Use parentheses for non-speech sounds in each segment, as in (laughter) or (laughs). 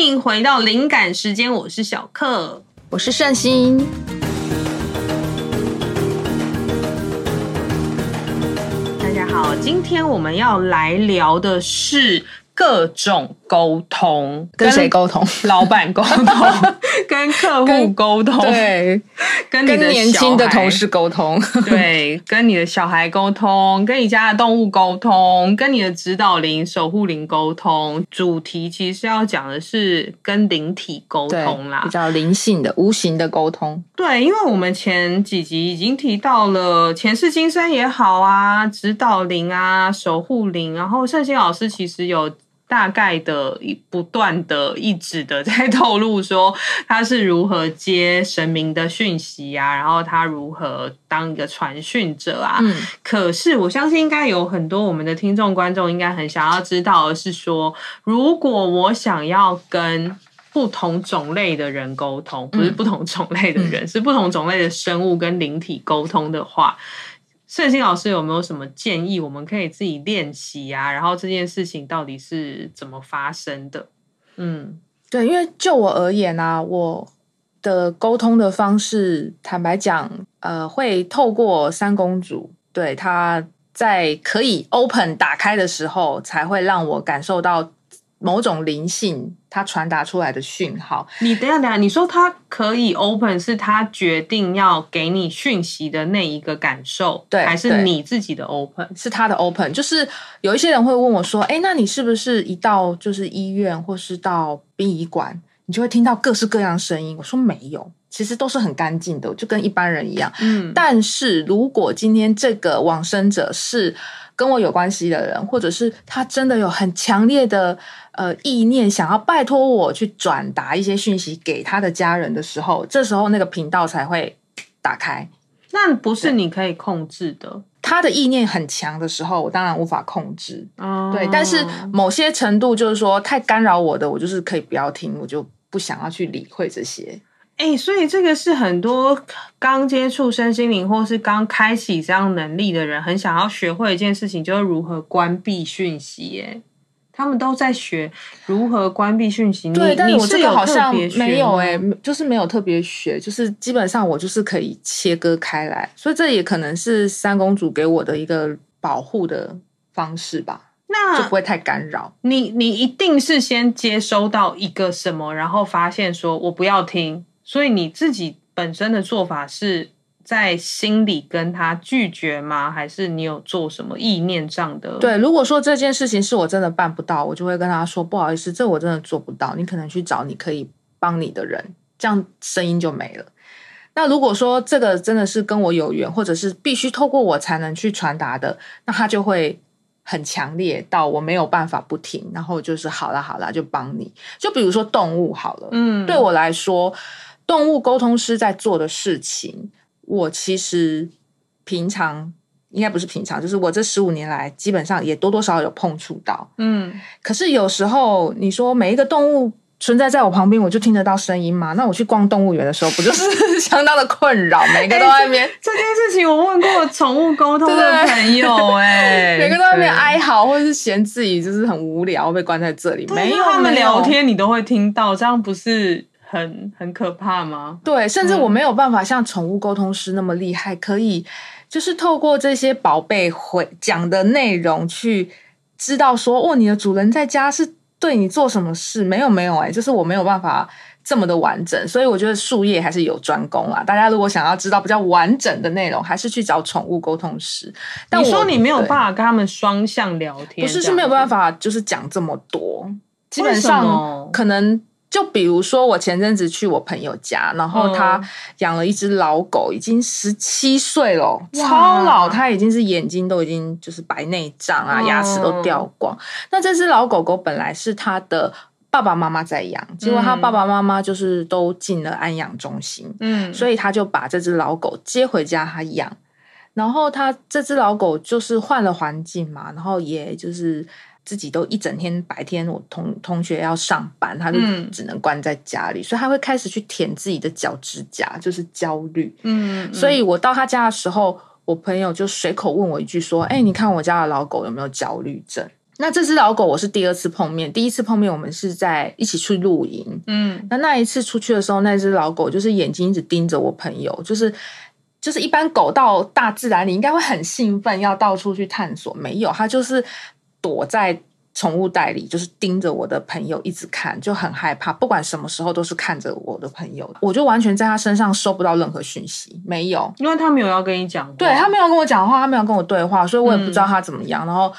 歡迎回到靈感時間，我是小克，我是聖心。大家好，今天我們要來聊的是各種。溝通跟誰溝通？老闆溝通，跟客戶溝通，跟通，對，跟，跟年輕的同事溝通， (laughs) 對，跟你的小孩溝通，跟你家的動物溝通，跟你的指導靈、守護靈溝通。主題其實要講的是跟靈體溝通啦，比較靈性的、無形的溝通。對，因為我們前幾集已經提到了前世今生也好啊，指導靈啊，守護靈，然後聖心老師其實有。大概的，一不斷的、一直的在透露說他是如何接神明的訊息呀、啊，然後他如何當一個傳訊者啊。嗯，可是我相信應該有很多我們的聽眾觀眾應該很想要知道的是說，如果我想要跟不同種類的人溝通，不是不同種類的人，嗯，是不同種類的生物跟靈體溝通的話。聖心老師有沒有什麼建議？我們可以自己練習啊。然後這件事情到底是怎麼發生的？嗯，對，因為就我而言呢、啊，我的溝通的方式，坦白講，呃，會透過三公主，對，她在可以 open 打開的時候，才會讓我感受到。某種靈性，它傳達出來的訊號。你等一下等一下，你說他可以 open，是他決定要給你訊息的那一個感受，對，還是你自己的 open，是他的 open。就是有一些人會問我說：“欸，那你是不是一到就是醫院或是到殯儀館？”你就會聽到各式各樣聲音。我說沒有，其實都是很乾淨的，就跟一般人一樣。嗯，但是如果今天這個往生者是跟我有關係的人，或者是他真的有很強烈的呃意念，想要拜託我去轉達一些訊息給他的家人的時候，這時候那個頻道才會打開。那不是你可以控制的。他的意念很強的時候，我當然無法控制。嗯、哦，對，但是某些程度就是說太干擾我的，我就是可以不要聽，我就。不想要去理會這些，哎，所以這個是很多剛接觸身心靈或是剛開啟這樣能力的人，很想要學會一件事情，就是如何關閉訊息。哎，他們都在學如何關閉訊息。你對，你但我這個好像沒有，哎，就是沒有特別學，就是基本上我就是可以切割開來。所以這也可能是三公主給我的一個保護的方式吧。就不會太干擾你。你一定是先接收到一個什麼，然後發現說我不要聽。所以你自己本身的做法是在心裡跟他拒絕嗎？還是你有做什麼意念上的？對，如果說這件事情是我真的辦不到，我就會跟他說不好意思，這我真的做不到。你可能去找你可以幫你的人，這樣聲音就沒了。那如果說這個真的是跟我有緣，或者是必須透過我才能去傳達的，那他就會。很強烈到我沒有辦法不停，然後就是好了好了，就幫你。就比如說動物好了，嗯，對我來說，動物溝通師在做的事情，我其實平常，應該不是平常，就是我這十五年來基本上也多多少少有碰觸到，嗯，可是有時候你說每一個動物。存在在我旁邊，我就聽得到聲音嘛。那我去逛動物園的時候，不就是 (laughs) 相當的困擾？每個都在那邊，這件事情我問過寵物溝通的朋友、欸，哎，欸、每個都在那邊哀嚎，或者是嫌自己就是很無聊，被關在這裡對沒有。他們聊天你都會聽到，這樣不是很很可怕嗎？對，甚至我沒有辦法像寵物溝通師那麼厲害，可以就是透過這些寶貝會講的內容去知道說，哦，你的主人在家是。對，你做什麼事？沒有，沒有誒、欸、就是我沒有辦法這麼的完整，所以我覺得術業還是有專攻啊。大家如果想要知道比較完整的內容，還是去找寵物溝通師。但我，你說你沒有辦法跟他們雙向聊天？不是，是沒有辦法，就是講這麼多，麼基本上可能。就比如說，我前陣子去我朋友家，然後他養了一隻老狗，已經十七歲了，超老。哇他已經是眼睛都已經就是白內障啊，牙齒都掉光。哦。那這隻老狗狗本來是他的爸爸媽媽在養，結果他爸爸媽媽就是都進了安養中心，嗯，所以他就把這隻老狗接回家，他養。然後他這隻老狗就是換了環境嘛，然後也就是。自己都一整天白天，我同同學要上班，他就只能關在家裡，嗯、所以他會開始去舔自己的腳趾甲，就是焦慮。嗯，嗯，所以我到他家的時候，我朋友就隨口問我一句說：“哎、欸，你看我家的老狗有沒有焦慮症？”那這只老狗我是第二次碰面，第一次碰面我們是在一起去露營。嗯，那那一次出去的時候，那只老狗就是眼睛一直盯着我朋友，就是就是一般狗到大自然，你應該會很興奮，要到處去探索，沒有，它就是。躲在寵物袋裡，就是盯着我的朋友一直看，就很害怕。不管什麼時候，都是看着我的朋友，我就完全在他身上收不到任何訊息，沒有，因為他沒有要跟你講，對，他沒有跟我講話，他沒有跟我對話，所以我也不知道他怎麼樣。嗯、然後，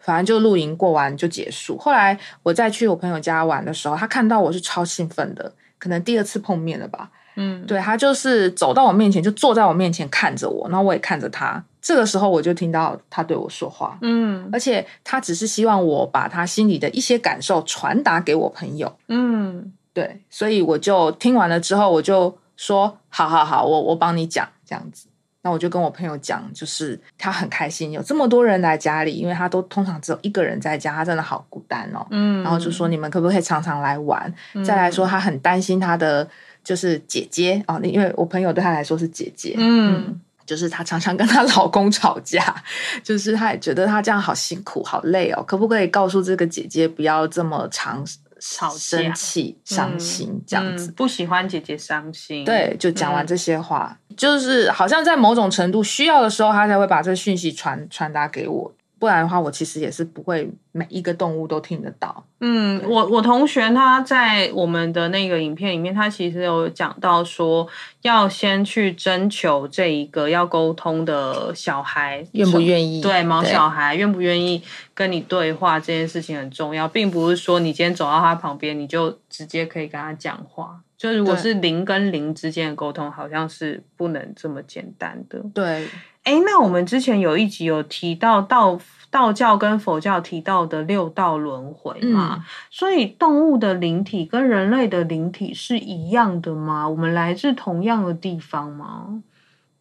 反正就露營過完就結束。後來我再去我朋友家玩的時候，他看到我是超興奮的，可能第二次碰面了吧。嗯，對，他就是走到我面前，就坐在我面前看着我，然後我也看着他。這個時候我就聽到他對我說話，嗯，而且他只是希望我把他心裡的一些感受傳達給我朋友，嗯，對，所以我就聽完了之後，我就說好好好，我我幫你講這樣子，那我就跟我朋友講，就是他很開心有這麼多人來家裡，因為他都通常只有一個人在家，他真的好孤單哦，嗯，然後就說你們可不可以常常來玩，再來說他很擔心他的就是姐姐啊，哦，因為我朋友對他來說是姐姐，嗯。嗯就是她常常跟她老公吵架，就是她也覺得她這樣好辛苦、好累哦。可不可以告訴這個姐姐不要這麼常少生氣、吵架傷心、嗯、這樣子、嗯。不喜歡姐姐傷心。對，就講完這些話，嗯、就是好像在某種程度需要的時候，她才會把這訊息傳傳達給我。不然的話，我其實也是不會每一個動物都聽得到。嗯，我我同學他在我們的那個影片裡面，他其實有講到說，要先去徵求這一個要溝通的小孩願不願意。對，對毛小孩願不願意跟你對話這件事情很重要，並不是說你今天走到他旁邊，你就直接可以跟他講話。就如果是靈跟靈之間的溝通，好像是不能這麼簡單的。對。哎、欸，那我們之前有一集有提到道道教跟佛教提到的六道輪迴嘛，嗯、所以動物的靈體跟人類的靈體是一樣的嗎？我們來自同樣的地方嗎？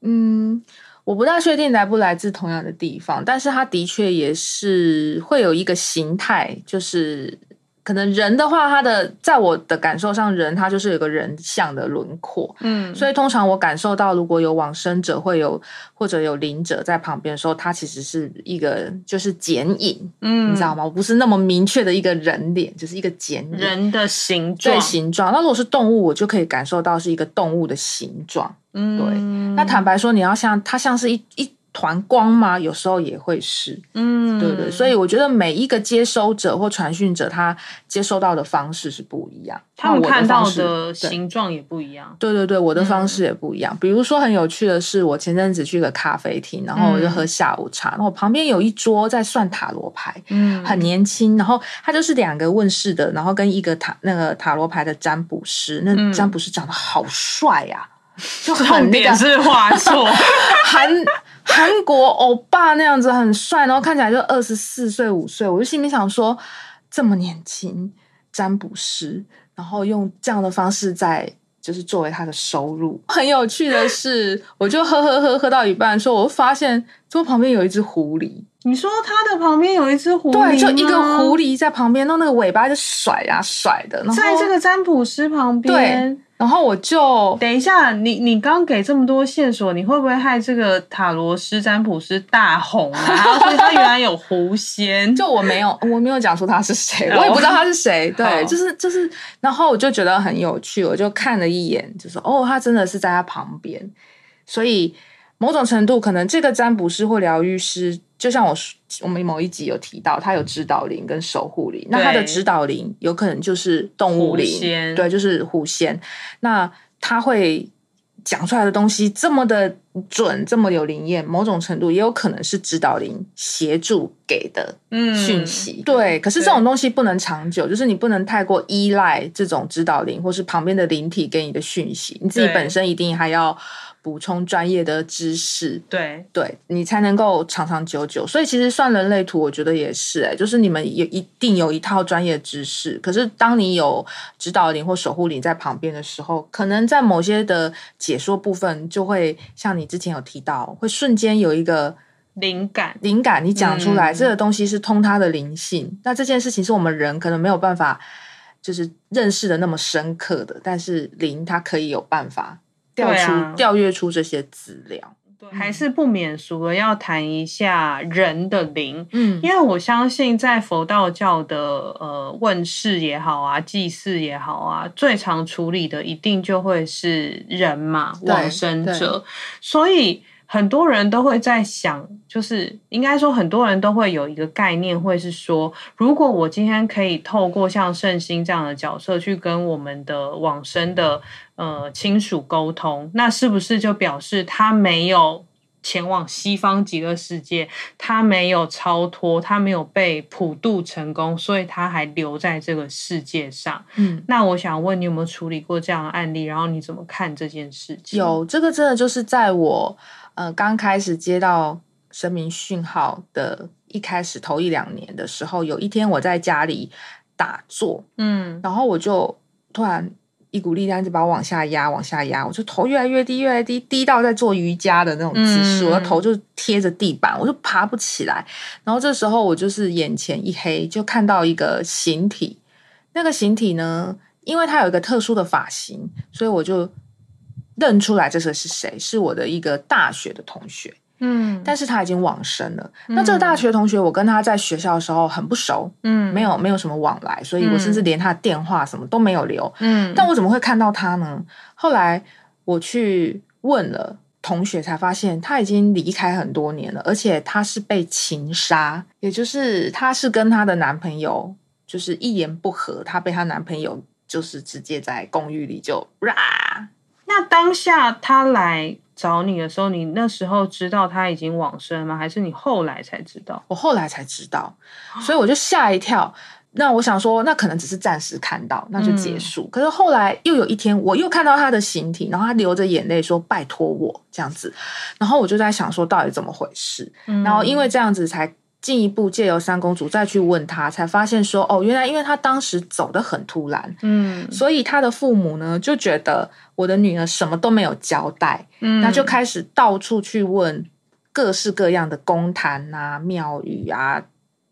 嗯，我不大確定來不來自同樣的地方，但是它的確也是會有一個形態，就是。可能人的話它的，他的在我的感受上，人他就是有個人像的輪廓，嗯，所以通常我感受到如果有往生者會有或者有靈者在旁邊的時候，他其實是一個就是剪影，嗯，你知道嗎？我不是那麼明確的一個人臉，就是一個剪影人的形狀，對形狀。那如果是動物，我就可以感受到是一個動物的形狀，嗯，對。嗯，那坦白說，你要像它像是一一。團光嗎？有時候也會是，嗯，對，對對，所以我覺得每一個接收者或傳訊者，他接收到的方式是不一樣，他們看到的的形狀也不一樣，對，對對對，我的方式也不一樣。嗯、比如說很有趣的是，我前陣子去個咖啡廳，然後我就喝下午茶，嗯、然後旁邊有一桌在算塔羅牌，嗯，很年輕，然後他就是兩個問世的，然後跟一個塔那個塔羅牌的占卜師，那占卜師長得好帥呀、啊，嗯、就是、那個、重點是花碩， (laughs) 很。韓國歐巴那樣子很帥，然後看起來就二十四歲五歲，我就心裡想說，這麼年輕占卜師，然後用這樣的方式在就是作為他的收入。很有趣的是，我就喝喝喝喝到一半說，說我發現桌旁邊有一只狐狸。你說他的旁邊有一只狐狸，對，就一個狐狸在旁邊，然後那個尾巴就甩呀、啊、甩的，在這個占卜師旁邊。對然後我就等一下，你你剛給這麼多線索，你會不會害這個塔羅斯占卜師大紅啊？ (laughs) 所以他原來有狐仙，就我沒有我沒有講出他是誰，我也不知道他是誰。 (laughs) 對，就是就是，然後我就覺得很有趣，我就看了一眼，就說哦，他真的是在他旁邊，所以。某種程度，可能這個占卜師或療癒師，就像我我們某一集有提到，他有指導靈跟守護靈。對那他的指導靈有可能就是動物靈，仙對，就是狐仙。那他會講出來的東西這麼的。準這麼有靈驗，某種程度也有可能是指導靈協助給的訊息。嗯、對，可是這種東西不能長久，對就是你不能太過依賴這種指導靈或是旁邊的靈體給你的訊息，你自己本身一定還要補充專業的知識。對，對你才能夠長長久久。所以其實算人類圖，我覺得也是、欸，哎，就是你們有一定有一套專業知識。可是當你有指導靈或守護靈在旁邊的時候，可能在某些的解說部分就會像你。你之前有提到，會瞬間有一個靈感，靈感，靈感你講出來，嗯、這個東西是通它的靈性。那這件事情是我們人可能沒有辦法，就是認識的那麼深刻的，但是靈它可以有辦法調出、啊、調閱出這些資料。對還是不免俗的，要談一下人的靈，嗯，因為我相信在佛道教的呃問事也好啊，祭祀也好啊，最常處理的一定就會是人嘛，對往生者，對所以很多人都會在想，就是應該說很多人都會有一個概念，會是說，如果我今天可以透過像聖心這樣的角色去跟我們的往生的。呃，親屬溝通，那是不是就表示他沒有前往西方極樂世界，他沒有超脫，他沒有被普渡成功，所以他還留在這個世界上？嗯，那我想問你有沒有處理過這樣的案例？然後你怎麼看這件事情？有這個，真的就是在我呃剛開始接到神明訊號的一開始頭一兩年的時候，有一天我在家裡打坐，嗯，然後我就突然。一股力量就把我往下壓，往下壓，我就頭越來越低，越來越低，低到在做瑜伽的那種姿勢，我的頭就貼着地板，我就爬不起來。然後這時候我就是眼前一黑，就看到一個形體，那個形體呢，因為它有一個特殊的髮型，所以我就認出來這是是誰，是我的一個大學的同學。嗯，但是他已經往生了。那這個大學同學，我跟他在學校的時候很不熟，嗯，沒有沒有什麼往來，所以我甚至連他的電話什麼都沒有留。嗯，但我怎麼會看到他呢？後來我去問了同學，才發現他已經離開很多年了，而且他是被情殺，也就是他是跟她的男朋友就是一言不合，她被她男朋友就是直接在公寓裡就。那當下他來。找你的時候，你那時候知道他已經往生嗎？還是你後來才知道？我後來才知道，所以我就嚇一跳。那我想說，那可能只是暫時看到，那就結束。嗯、可是後來又有一天，我又看到他的形體，然後他流着眼淚說：“拜托我，這樣子。”然後我就在想說，到底怎麼回事？嗯、然後因為這樣子才。進一步借由三公主再去問他，才發現說哦，原來因為他當時走得很突然，嗯，所以他的父母呢就覺得我的女兒什麼都沒有交代，嗯，那就開始到處去問各式各樣的宮壇啊、廟宇啊。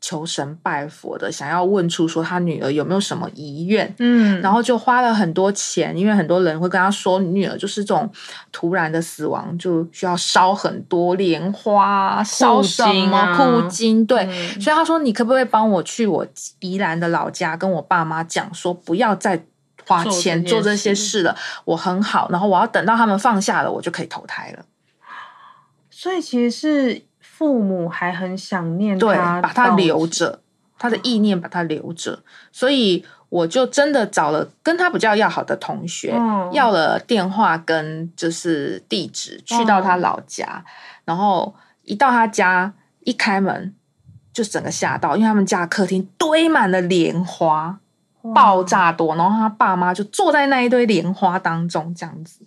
求神拜佛的，想要問出說他女兒有沒有什麼遺願，嗯，然後就花了很多錢，因為很多人會跟他說，女兒就是這種突然的死亡，就需要燒很多蓮花、燒、啊、什麼庫金，對，嗯、所以他說，你可不可以幫我去我宜蘭的老家，跟我爸媽講，說不要再花錢做這些事了，事我很好，然後我要等到他們放下了，我就可以投胎了。所以其實是。父母還很想念他，對，把他留着，哇他的意念把他留着，所以我就真的找了跟他比較要好的同學，哇要了電話跟就是地址，去到他老家，哇然後一到他家一開門就整個嚇到，因為他們家客廳堆滿了蓮花哇爆炸多。然後他爸媽就坐在那一堆蓮花當中這樣子。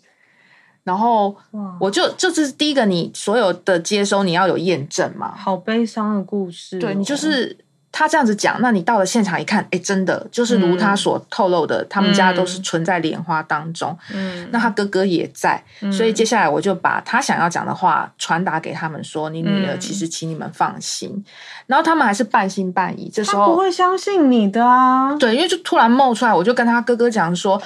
然後，我就 Wow. 就是第一個，你所有的接收你要有驗證嘛。好悲傷的故事，對你就是。他這樣子講，那你到了現場一看，哎、欸，真的就是如他所透露的，嗯、他們家都是存在蓮花當中。嗯，那他哥哥也在，嗯、所以接下來我就把他想要講的話傳達給他們說，說、嗯、你女兒其實，請你們放心。嗯、然後他們還是半信半疑，這時候他不會相信你的啊？對，因為就突然冒出來，我就跟他哥哥講說，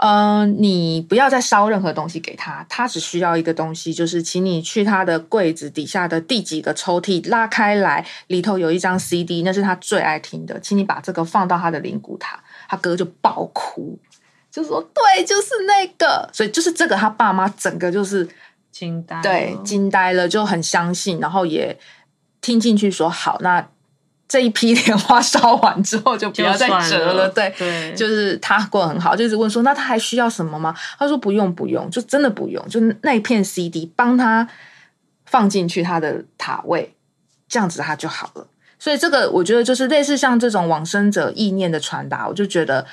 嗯、呃，你不要再燒任何東西給他，他只需要一個東西，就是請你去他的櫃子底下的第幾個抽屜拉開來，裡頭有一張 CD，那是他。他最愛聽的，請你把這個放到他的靈骨塔，他哥就爆哭，就說：“對，就是那個。”所以就是這個，他爸媽整個就是驚呆、哦，對，驚呆了，就很相信，然後也聽進去，說好。那這一批蓮花燒完之後，就不要再折了。對，對就是他過得很好，就是問說：“那他還需要什麼嗎？”他說：“不用，不用，就真的不用。”就那片 CD 幫他放進去他的塔位，這樣子他就好了。所以這個我覺得就是類似像這種往生者意念的傳達，我就覺得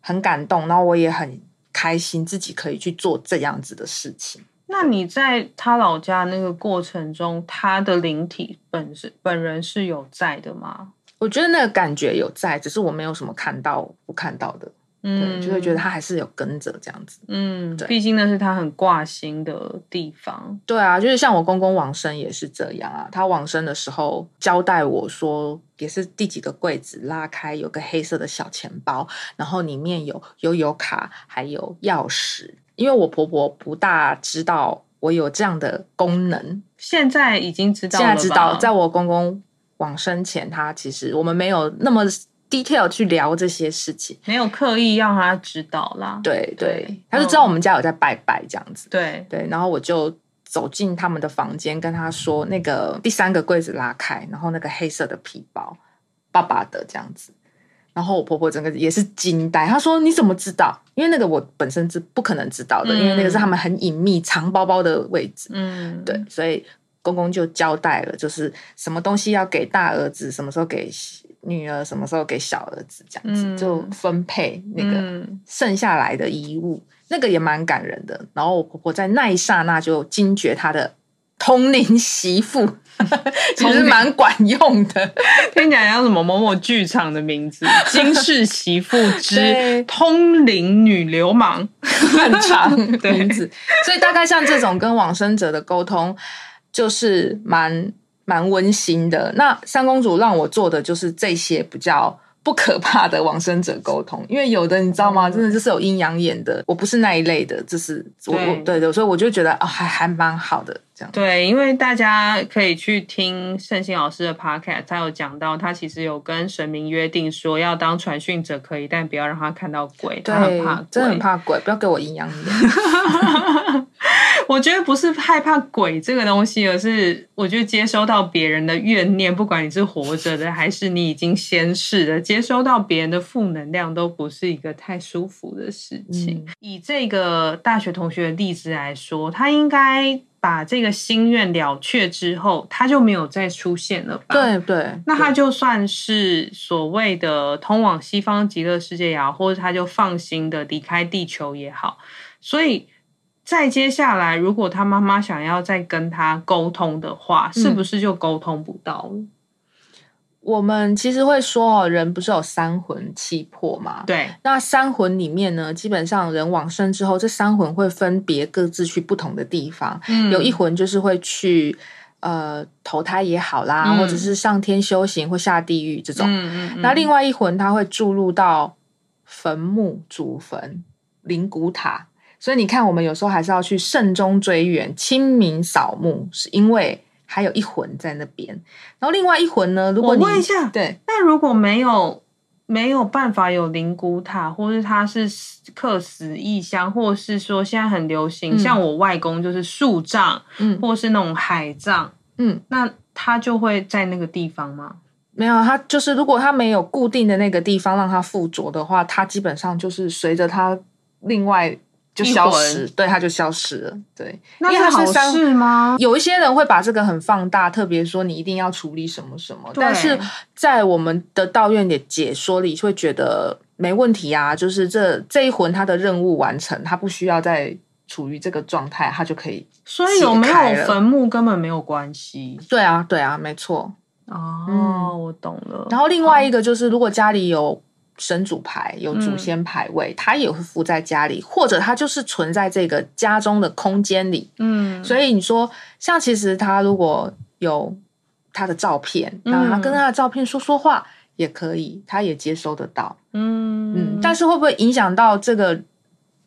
很感動，然後我也很開心自己可以去做這樣子的事情。那你在他老家那個過程中，他的靈體本身本人是有在的嗎？我覺得那個感覺有在，只是我沒有什麼看到不看到的。嗯，就會覺得他還是有跟着這樣子。嗯，對，畢竟那是他很掛心的地方。對啊，就是像我公公往生也是這樣啊。他往生的時候交代我說，也是第幾個櫃子拉開有個黑色的小錢包，然後裡面有悠遊卡，還有鑰匙。因為我婆婆不大知道我有這樣的功能，現在已經知道了，現在知道，在我公公往生前，他其實我們沒有那麼。detail 去聊這些事情，沒有刻意讓他知道啦。對對，對對他就知道我們家有在拜拜這樣子。對、嗯、對，然後我就走進他們的房間，跟他說那個第三個櫃子拉開，然後那個黑色的皮包，爸爸的這樣子。然後我婆婆整個也是驚呆，她說你怎麼知道？因為那個我本身是不可能知道的，嗯、因為那個是他們很隱秘藏包包的位置。嗯，對，所以公公就交代了，就是什麼東西要給大兒子，什麼時候給。女兒什麼時候給小兒子這樣子，嗯、就分配那個剩下來的遺物，嗯、那個也蠻感人的。然後我婆婆在那一剎那就驚覺她的通靈媳婦，其實蠻管用的。聽起來像什麼某某劇場的名字，《驚世媳婦之通靈女流氓》很長對名字，所以大概像這種跟往生者的溝通，就是蠻。蠻溫馨的。那三公主讓我做的就是這些比較不可怕的往生者溝通，因為有的你知道嗎？真的就是有陰陽眼的，嗯、我不是那一類的，這、就是對我我對的，所以我就覺得哦，還還蠻好的這樣。對，因為大家可以去聽聖心老師的 podcast，他有講到他其實有跟神明約定說要當傳訊者可以，但不要讓他看到鬼，對他很怕，真的很怕鬼，不要給我陰陽眼。 (laughs) 我覺得不是害怕鬼這個東西，而是我覺得接收到別人的怨念，不管你是活着的還是你已經仙逝的，接收到別人的負能量都不是一個太舒服的事情。嗯、以這個大學同學的例子來說，他應該把這個心願了卻之後，他就沒有再出現了吧？對對，對，那他就算是所謂的通往西方極樂世界也好，或者他就放心的離開地球也好，所以。再接下來，如果他媽媽想要再跟他溝通的話，嗯、是不是就溝通不到了？我們其實會說哦，人不是有三魂七魄嘛？對。那三魂裡面呢，基本上人往生之後，這三魂會分別各自去不同的地方。嗯、有一魂就是會去呃投胎也好啦，嗯、或者是上天修行或下地獄這種。嗯嗯、那另外一魂，它會注入到墳墓祖墳、靈骨塔。所以你看，我們有時候還是要去慎終追遠。清明掃墓是因為還有一魂在那邊，然後另外一魂呢？如果你我問一下，對，那如果沒有沒有辦法有靈骨塔，或是他是客死異鄉，或是說現在很流行，嗯，像我外公就是樹葬，嗯，或是那種海葬，嗯，那他就會在那個地方嗎？沒有，他就是如果他沒有固定的那個地方讓他附着的話，他基本上就是隨着他另外。就消失，魂對它就消失了，對。那是好事嗎？三有一些人會把這個很放大，特別說你一定要處理什麼什麼。對但是在我們的道院的解說裡，會覺得沒問題啊，就是這這一魂它的任務完成，它不需要再處於這個狀態，它就可以。所以有沒有墳墓根本沒有關係。對啊，對啊，沒錯。哦，嗯、我懂了。然後另外一個就是，如果家裡有。神主牌有祖先牌位，他、嗯、也會附在家裡，或者他就是存在這個家中的空間裡。嗯，所以你說，像其實他如果有他的照片，然後他跟他的照片說說話，也可以，他也接收得到。嗯嗯，但是會不會影響到這個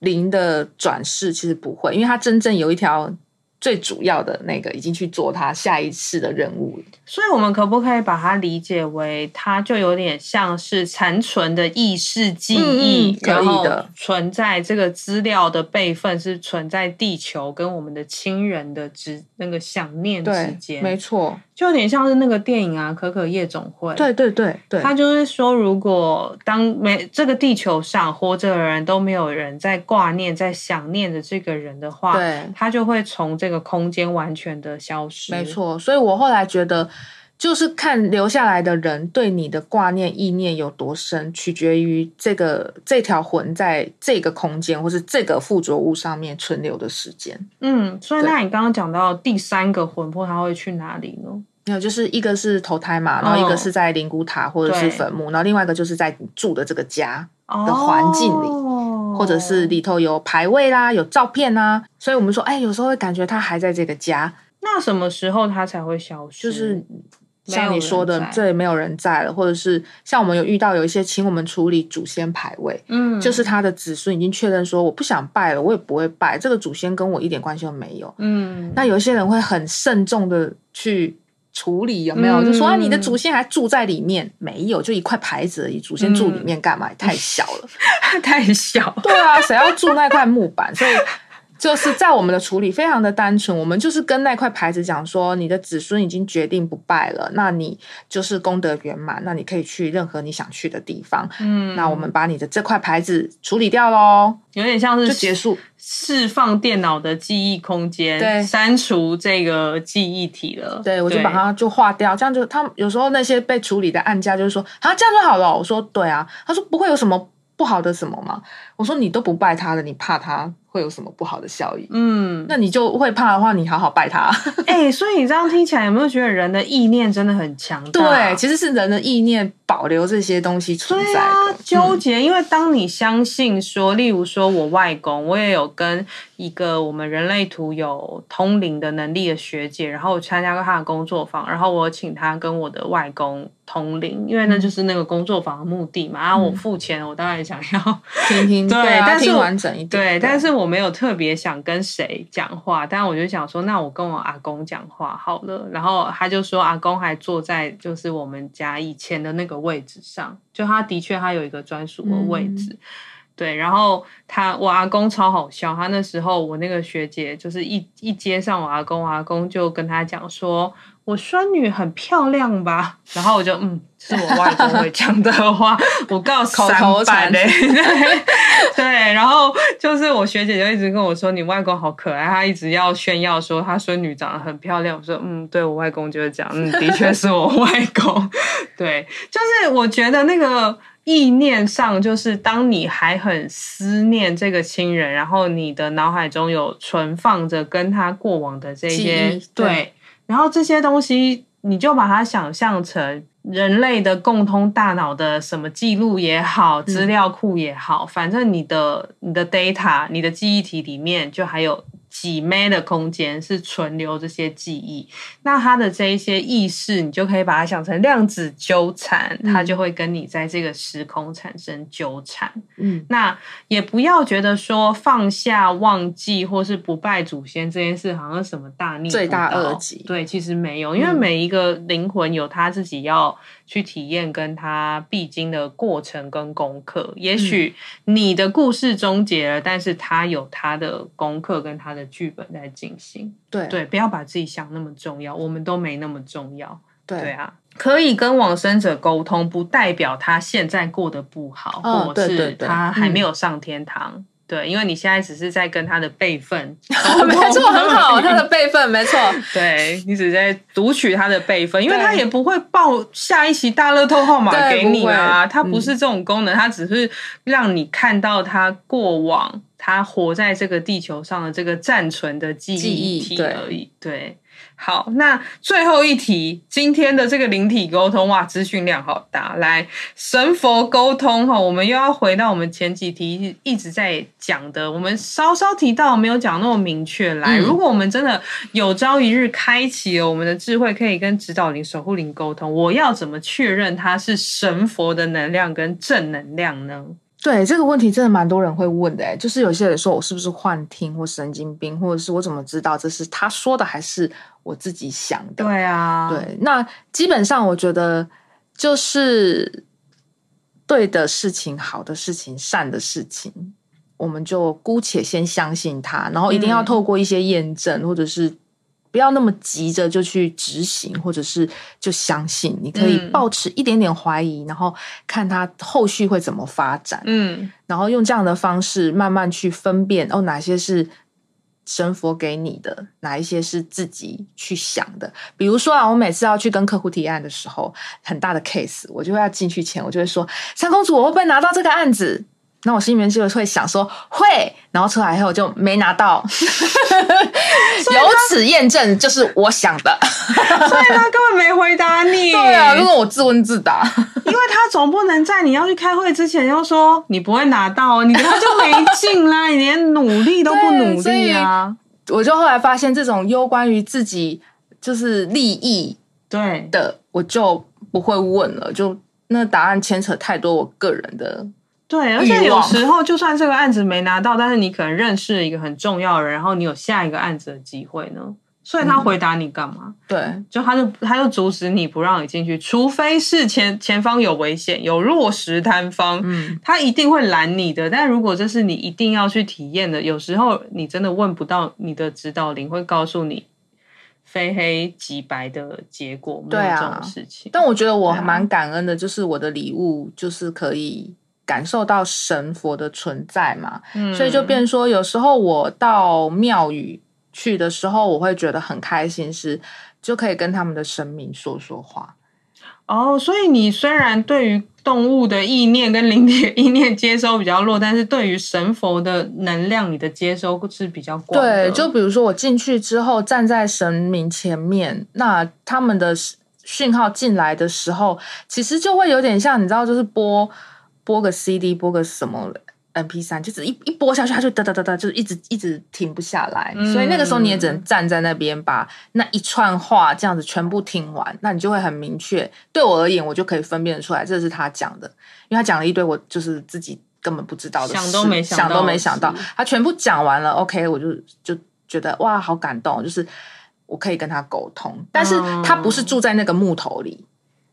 靈的轉世？其實不會，因為他真正有一條。最主要的那個已經去做他下一次的任務，所以，我們可不可以把它理解為，它就有點像是殘存的意識記憶，嗯嗯、可以的。然後存在這個資料的備份是存在地球跟我們的親人的之那個想念之間，沒錯，就有點像是那個電影啊，《可可夜總會》。對對對對，他就是說，如果當沒這個地球上活着的人都沒有人在掛念、在想念的這個人的話，對，他就會從這個。這個空間完全的消失，沒錯。所以我後來覺得，就是看留下來的人對你的掛念意念有多深，取決於這個這條魂在這個空間或是這個附着物上面存留的時間。嗯，所以那你剛剛講到第三個魂魄，它對會去哪裡呢？那、嗯、就是一個是投胎嘛，然後一個是在靈骨塔或者是墳墓，嗯、然後另外一個就是在住的這個家的環境裡，哦、或者是裡頭有牌位啦，有照片啦、啊。所以我們說，哎、欸，有時候會感覺他還在這個家。那什麼時候他才會消失？就是像你說的，這裡沒，沒有人在了，或者是像我們有遇到有一些請我們處理祖先牌位，嗯，就是他的子孫已經確認說，我不想拜了，我也不會拜，這個祖先跟我一點關係都沒有。嗯，那有一些人會很慎重的去。處理有沒有、嗯、就說啊，你的祖先還住在裡面沒有？就一塊牌子而已，祖先住裡面幹嘛？嗯、也太小了， (laughs) 太小了。對啊，誰要住那塊木板？ (laughs) 所以。就是在我們的處理非常的單純，我們就是跟那塊牌子講說，你的子孫已經決定不拜了，那你就是功德圓滿，那你可以去任何你想去的地方。嗯，那我們把你的這塊牌子處理掉嘍，有點像是就結束，釋放電腦的記憶空間，對，刪除這個記憶體了。對，我就把它就化掉，這樣就他有時候那些被處理的案家就是說，啊，這樣就好了、喔。我說，對啊，他說不會有什麼不好的什麼嘛？我說你都不拜他了，你怕他？會有什麼不好的效應？嗯，那你就會怕的話，你好好拜他。哎、 (laughs) 欸，所以你這樣聽起來，有沒有覺得人的意念真的很強大？對，其實是人的意念保留這些東西存在的。對啊，糾結，嗯、因為當你相信說，例如說，我外公，我也有跟一個我們人類圖有通靈的能力的學姐，然後我參加過他的工作坊，然後我請他跟我的外公通靈，因為那就是那個工作坊的目的嘛。然後、嗯啊、我付錢，我當然想要聽聽，對，對啊、但是完整一點，對，對，但是。我沒有特別想跟誰講話，但我就想說，那我跟我阿公講話好了。然後他就說，阿公還坐在就是我們家以前的那個位置上，就他的確他有一個專屬的位置。嗯、對，然後他我阿公超好笑，他那時候我那個學姐就是一一接上我阿公，我阿公就跟他講說。我孫女很漂亮吧，然後我就嗯，是我外公會講 (laughs) 的話。我告訴口頭禪嘞， (laughs) 對。然後就是我學姐就一直跟我說，你外公好可愛，他一直要炫耀說他孫女長得很漂亮。我說嗯，對我外公就是這樣，嗯，的確是我外公。 (laughs) 對，就是我覺得那個意念上，就是當你還很思念這個親人，然後你的腦海中有存放着跟他過往的這些憶對。然後這些東西，你就把它想象成人類的共通大腦的什麼記錄也好、資料庫也好，反正你的你的 data、你的記憶體裡面就還有。擠沒的空間是存留這些記憶，那他的這一些意識，你就可以把它想成量子糾纏，嗯、它就會跟你在這個時空產生糾纏。嗯，那也不要覺得說放下、忘記或是不拜祖先這件事，好像什麼大逆罪大惡極，對，其實沒有，因為每一個靈魂有他自己要。去體驗跟他必經的過程跟功課，也許你的故事終結了，嗯、但是他有他的功課跟他的劇本在進行。對、啊、對，不要把自己想那麼重要，我們都沒那麼重要。對對啊，可以跟往生者溝通，不代表他現在過得不好，哦、或者是他還沒有上天堂。嗯嗯對，因為你現在只是在跟他的備份，沒錯，很好，他的備份，沒錯，對，你只在讀取他的備份，因為他也不會報下一期大樂透號碼給你啊，他不，不是這種功能，他、嗯、只是讓你看到他過往，他活在這個地球上的這個暫存的記憶體而已，憶對。對好，那最後一題，今天的這個靈體溝通哇，資訊量好大。來，神佛溝通吼，我們又要回到我們前幾題一直在講的，我們稍稍提到，沒有講那麼明確。來，如果我們真的有朝一日開啟了我們的智慧，可以跟指導靈、守護靈溝通，我要怎麼確認它是神佛的能量跟正能量呢？對，這個問題，真的蠻多人會問的誒，就是有些人說我是不是幻聽或神經病，或者是我怎麼知道這是他說的還是我自己想的？對啊，對，那基本上我覺得就是對的事情、好的事情、善的事情，我們就姑且先相信他，然後一定要透過一些驗證，或者是。不要那麼急着就去執行，或者是就相信，你可以抱持一點點懷疑，嗯、然後看他後續會怎麼發展。嗯，然後用這樣的方式慢慢去分辨，哦，哪些是神佛給你的，哪一些是自己去想的。比如說啊，我每次要去跟客戶提案的時候，很大的 case，我就會要進去前，我就會說：“三公主，我會不會拿到這個案子？”那我心裡面就會想說會，然後出來以後就沒拿到，由 (laughs) 他此驗證就是我想的。 (laughs) 所以他根本沒回答你。對啊，因為我自問自答。 (laughs) 因為他總不能在你要去開會之前又說你不會拿到，你他就沒勁啦， (laughs) 你連努力都不努力啊。我就後來發現這種攸關於自己就是利益對的，我就不會問了，就那答案牽扯太多我個人的。對，而且有時候就算這個案子沒拿到，忘但是你可能認識一個很重要的人，然後你有下一個案子的機會呢。所以他回答你幹嘛？嗯、對，就他就他就阻止你不讓你進去，除非是前前方有危險，有落石塌方，嗯、他一定會攔你的。但如果這是你一定要去體驗的，有時候你真的問不到你的指導靈會告訴你非黑即白的結果，對啊、沒有這種事情。但我覺得我還蠻感恩的，啊、就是我的禮物就是可以。感受到神佛的存在嘛，嗯，所以就變說，有時候我到廟宇去的時候，我會覺得很開心，是就可以跟他們的神明說說話。哦，所以你雖然對於動物的意念跟靈體意念接收比較弱，但是對於神佛的能量，你的接收是比較廣。對，就比如說我進去之後，站在神明前面，那他們的訊號進來的時候，其實就會有點像你知道，就是播。播個 CD，播個什麼 MP3，就只一一播下去，他就噠噠噠噠，就一直一直停不下來。嗯、所以那個時候，你也只能站在那邊，把那一串話這樣子全部聽完。那你就會很明確，對我而言，我就可以分辨出來，這是他講的，因為他講了一堆我就是自己根本不知道的事，想都沒想到，他是全部講完了。OK，我就就覺得哇，好感動，就是我可以跟他溝通，但是他不是住在那個木頭裡。嗯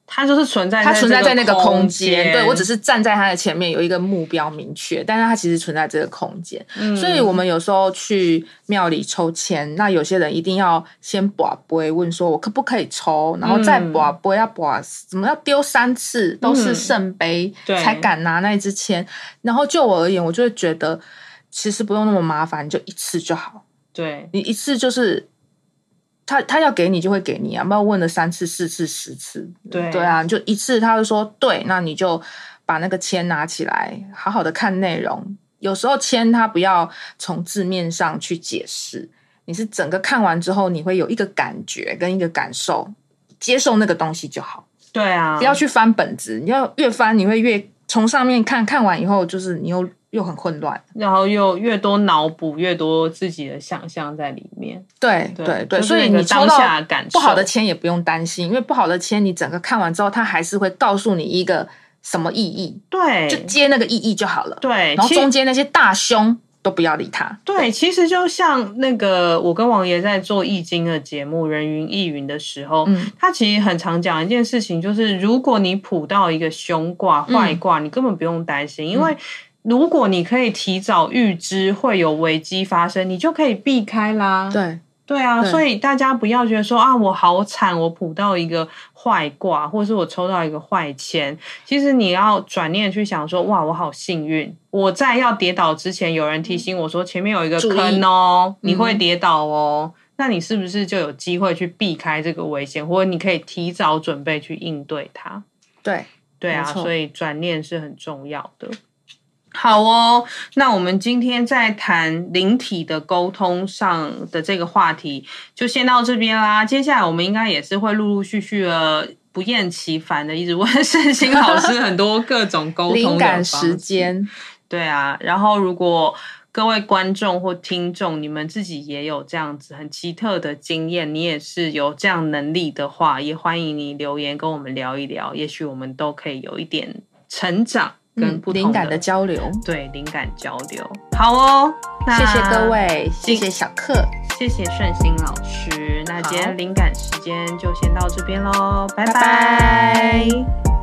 它就是存在，在，它存在在那個空間。空間。對，我只是站在它的前面，有一個目標明確，但是它其實存在這個空間。嗯、所以，我們有時候去廟裡抽籤，那有些人一定要先卜卜問說，我可不可以抽？然後再卜卜要卜，怎麼要丟三次都是聖杯、嗯、才敢拿那一支籤。對，然後就我而言，我就會覺得其實不用那麼麻煩，就一次就好。對，你一次就是。他他要給你就會給你啊，不要問了三次四次十次，對對啊，就一次他就說對，那你就把那個籤拿起來，好好的看內容。有時候籤他不要從字面上去解釋，你是整個看完之後你會有一個感覺跟一個感受，接受那個東西就好。對啊，不要去翻本子，你要越翻你會越從上面看看完以後就是你又。又很混亂，然後又越多腦補，越多自己的想象在裡面。對對對，所以你當下感受不好的籤也不用擔心，因為不好的籤你整個看完之後，他還是會告訴你一個什麼意義，對，就接那個意義就好了。對，然後中間那些大凶都不要理他。對，其實就像那個我跟王爺在做易經的節目《人云亦云》的時候，他其實很常講一件事情，就是如果你普到一個凶卦、壞卦，你根本不用擔心，因為。如果你可以提早預知會有危機發生，你就可以避開啦。對對啊，對，所以大家不要覺得說啊，我好慘，我卜到一個壞卦，或是我抽到一個壞籤。其實你要轉念去想說，哇，我好幸運，我在要跌倒之前，有人提醒我說、嗯、前面有一個坑哦，意你會跌倒哦。嗯、那你是不是就有機會去避開這個危險，或者你可以提早準備去應對它？對對啊，錯所以轉念是很重要的。好哦，那我們今天在談靈體的溝通上的這個話題，就先到這邊啦。接下來我們應該也是會陸陸續續的不厭其煩的一直問聖心老師很多各種溝通的方式。 (laughs) 靈感時間。對啊，然後如果各位觀眾或聽眾，你們自己也有這樣子很奇特的經驗，你也是有這樣能力的話，也歡迎你留言跟我們聊一聊，也許我們都可以有一點成長。靈、嗯、靈感的交流，對，靈感交流，好哦！那謝謝各位，進謝謝小克，謝謝聖心老師。好那今天靈感時間就先到這邊嘍，好拜拜。拜拜。